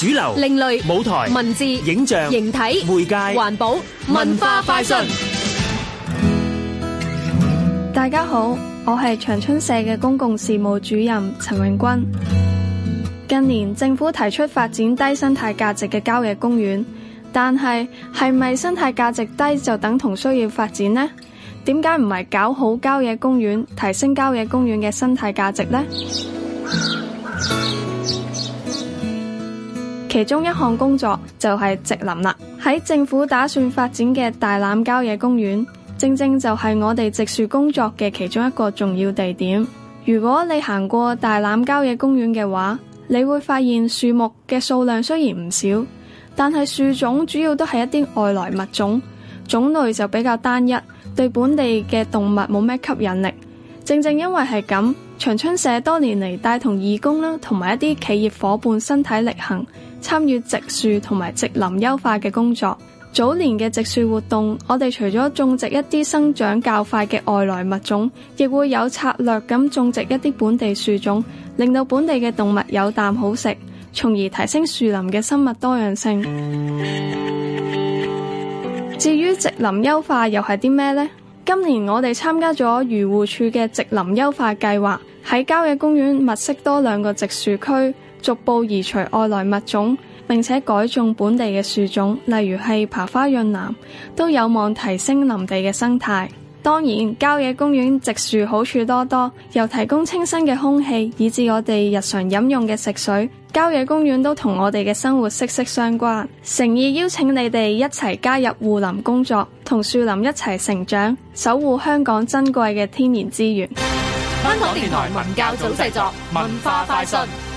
主流、另類、舞台、文字、影像、形體、媒介、環保、文化、快訊。大家好，我係長春社嘅公共事務主任陳永軍。近年政府提出發展低生態價值嘅郊野公園，但係係咪生態價值低就等同需要發展呢？點解唔係搞好郊野公園，提升郊野公園嘅生態價值呢？其中一項工作就係植林啦。喺政府打算發展嘅大欖郊野公園，正正就係我哋植樹工作嘅其中一個重要地點。如果你行過大欖郊野公園嘅話，你會發現樹木嘅數量雖然唔少，但係樹種主要都係一啲外來物種，種類就比較單一，對本地嘅動物冇咩吸引力。正正因為係咁，長春社多年嚟帶同義工啦，同埋一啲企業夥伴身體力行。參與植樹同埋植林優化嘅工作。早年嘅植樹活動，我哋除咗種植一啲生長較快嘅外來物種，亦會有策略咁種植一啲本地樹種，令到本地嘅動物有啖好食，從而提升樹林嘅生物多樣性。至於植林優化又係啲咩呢？今年我哋參加咗漁護署嘅植林優化計劃，喺郊野公園物色多兩個植樹區。逐步移除外來物種，並且改種本地嘅樹種，例如係爬花、潤楠，都有望提升林地嘅生態。當然，郊野公園植樹好處多多，又提供清新嘅空氣，以致我哋日常飲用嘅食水。郊野公園都同我哋嘅生活息息相關。誠意邀請你哋一齊加入護林工作，同樹林一齊成長，守護香港珍貴嘅天然資源。香港電台文教組製作文化快訊。